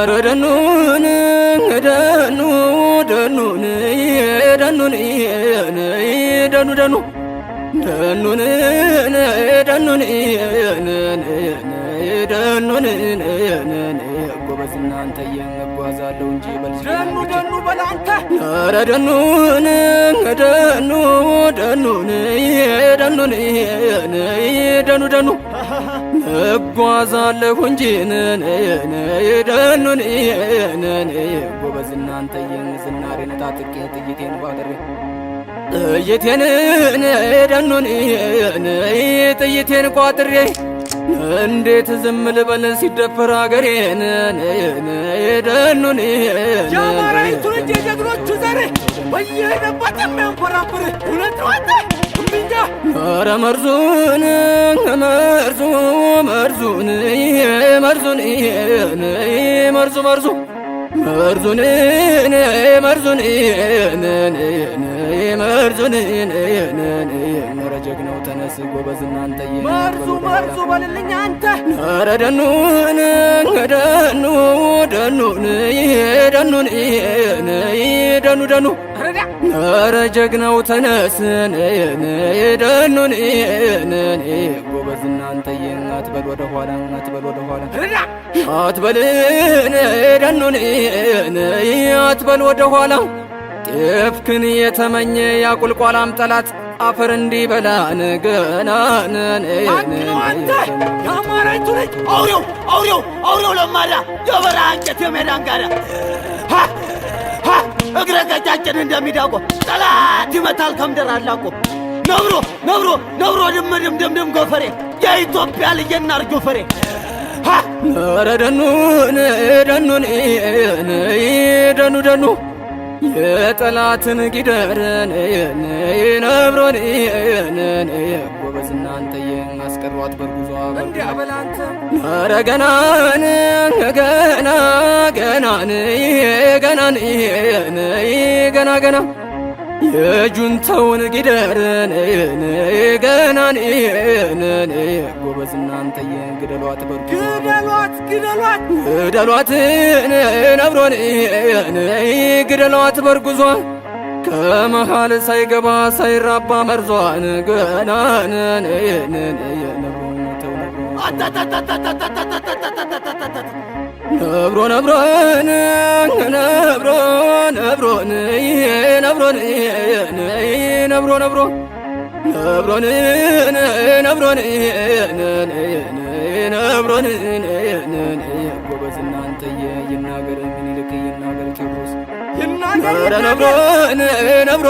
ኧረ ደኑን ደኑ ደኑን ደኑን ደኑ ደኑ ደኑን ደኑን ደኑን ጎበዝ እናንተዬ እንጓዛለሁ እንጂ በልጅ ደኑ ደኑ በላንተ ኧረ ደኑን ደኑ ደኑን ደኑን ደኑ ደኑ እጓዛለሁ እንጂ ነነ ደኑን ነነ ጎበዝ እናንተ የዝናሬን ታጥቄ ጥይቴን ባደር ጥይቴን ጥይቴን ቋጥሬ እንዴት ዝም ልበል ሲደፈር አገሬ ደኑን የአማራይቱ የጀግኖቹ ዘር የሚያንኮራፍር እውነት ነው አንተ ኧረ መርዙን መርዙ መርዙን መርዙን መርዙ መርዙ መርዙን መርዙን መርዙን ኧረ ጀግናው ተነስ ጎበዝ እናንተ መርዙ መርዙ በልልኝ አንተ ኧረ ደኑን ደኑ ደኑን ደኑን ደኑ ደኑ ኧረ ጀግናው ተነስን ደኑን ንን ጎበዝ እናንተዬ አትበል ወደ ኋላ አትበል ወደ ኋላ አትበልን ደኑን አትበል ወደ ኋላ ጤፍክን የተመኘ ያቁልቋላም ጠላት አፈር እንዲበላን ገናንን የአማራይቱ ልጅ አውሬው አውሬው አውሬው ለማዳ የበረሃ እንጨት የሜዳ አንጋዳ እግረ ገጫችን እንደሚዳቆ ጠላት ይመታል ከምድር አላቆ ነብሮ ነብሮ ነብሮ ድም ድም ድም ድም ጎፈሬ የኢትዮጵያ ልጅ እናር ጎፈሬ ኧረ ደኑ ደኑ ደኑ ደኑ የጠላትን ጊደር ነብሮን ጎበዝ እናንተ የማስቀሯት በርጉዟ እንዲያበላንተ ኧረ ገናን ገና ገናን ገናን ገና ገና የእጁን ተውን ጊደርን ገናን ጎበዝ እናንተ ግደሏት በርግደሏት ግደሏት ግደሏት ነብሮን ግደሏት በርጉዟ ከመሃል ሳይገባ ሳይራባ መርዟን ገናንን ነብሮ ነብሮን ነብሮ ነብሮን ነብሮ ነብሮ ነብሮን ነብሮን ነብሮን ጎበዝ እናንተየ ይናገረን ነብሮ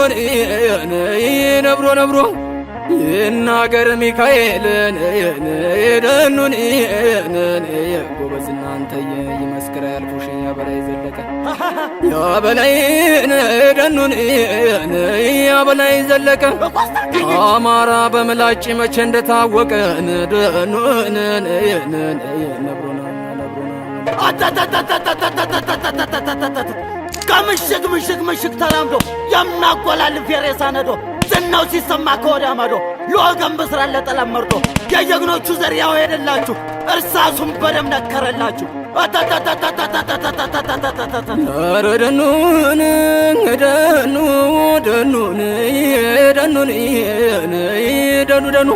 ነብሮ ይናገር ሚካኤልን ደኑን ጎበዝ እናንተ ይመስክራ ያልኩሽ ያበላይ ዘለቀ ያበላይ ደኑን ያበላይ ዘለቀ አማራ በምላጭ መቼ እንደታወቀ ደኑን ከምሽግ ምሽግ ምሽግ ተላምዶ የምናጎላልፍ የሬሳ ነዶ ዝናው ሲሰማ ከወዲያ ማዶ ለወገን ብስራ ለጠለም መርዶ የጀግኖቹ ዘር ያው ሄደላችሁ እርሳሱም በደም ነከረላችሁ። ኧረ ደኑ ደኑን ደኑን ደኑ ደኑ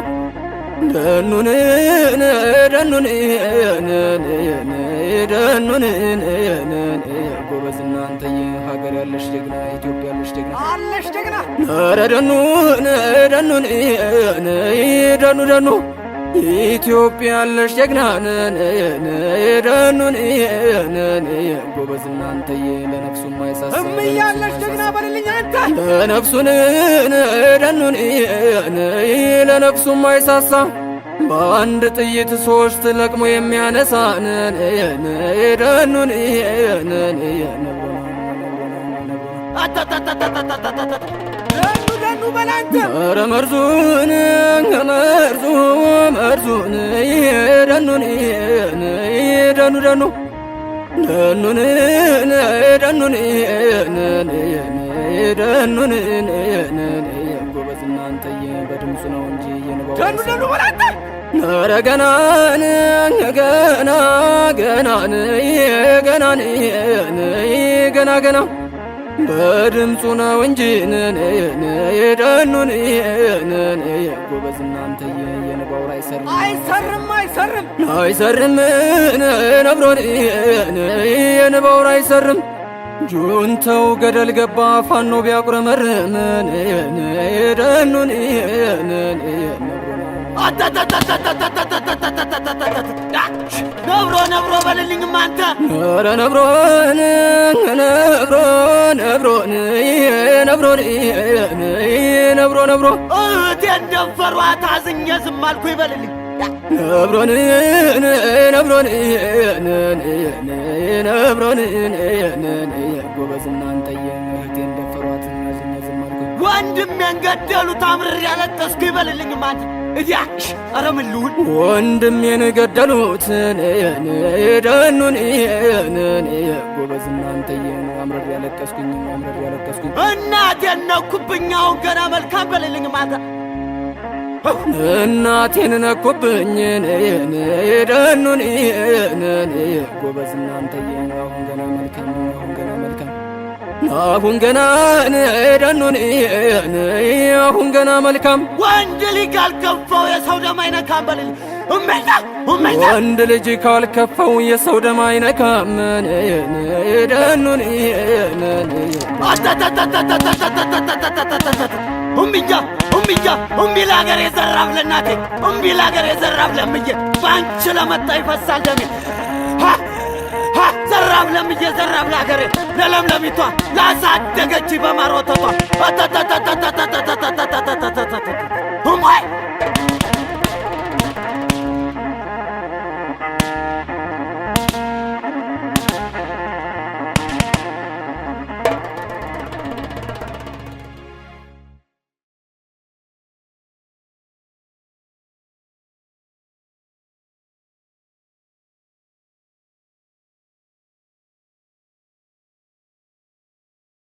ደኑን ደኑን ደኑን ያለሽ ደግና ኢትዮጵያ ያለሽ ደግና አለሽ ደግና ኧረ ደኑ ደኑ ደኑ ደኑ ኢትዮጵያ ያለሽ ጀግና ደኑን ጎበዝ እናንተዬ ለነፍሱ ማይሳሳ እምያለሽ ጀግና በልልኝ አንተ ለነፍሱን ማይሳሳ በአንድ ጥይት ሶስት ለቅሞ የሚያነሳንን ገኑ በላንተ ኧረ መርዙን መርዙ መርዙን ደኑን ደኑ ደኑ ደኑን ደኑን ደኑን ጎበዝ እናንተዬ በድምፁ ነው እንጂ ደኑ ደኑ በላንተ ኧረ ገናን ገና ገናን ገናን ገና ገና በድምፁ ነው እንጂ ደኑን ጎበዝ እናንተ የንባውን አይሰርም አይሰርም አይሰርም ነብሮን አይሰርም ጁንተው ገደል ገባ ፋኖ ቢያቁረመርምን ደኑን ነብሮ ነብሮ በልልኝም አንተ ኧረ ነብሮን ነብሮ ነብሮን ነብሮን ነብሮ ነብሮ እህቴን ደፈሯት አዝኜ ዝም አልኩ ይበልልኝ ነብሮን ነብሮን ነብሮን ጎበዝ እናንተዬ ወንድም የንገደሉ ታምር ያለቀስኩ ይበልልኝ ማን እዲያሽ አረምልውን ወንድሜን ገደሉት። ደኑን ጎበዝ እናንተዬ አምርር ያለቀስኩኝ አምርር ያለቀስኩኝ እናቴን ነኩብኝ። ገና መልካም በልልኝ ማታ እናቴን ነኩብኝ። ደኑን ጎበዝ እናንተዬ አሁን ገና መልካም አሁን ገና አሁን ገና ደኑን አሁን ገና መልካም ወንድ ልጅ ካልከፈው የሰው ደም አይነካም በልል ወንድ ልጅ ካልከፈው የሰው ደም አይነካም ደኑን እምብያ እምብያ እምቢ ለሀገር የዘራብ ለእናቴ እምቢ ለሀገር የዘራብ ለምዬ ባንቺ ለመጣ ይፈሳል ደሜ እየዘራብ ለም እየዘራብ ለሀገሬ ለለምለሚቷ ላሳደገች በማሮተቷ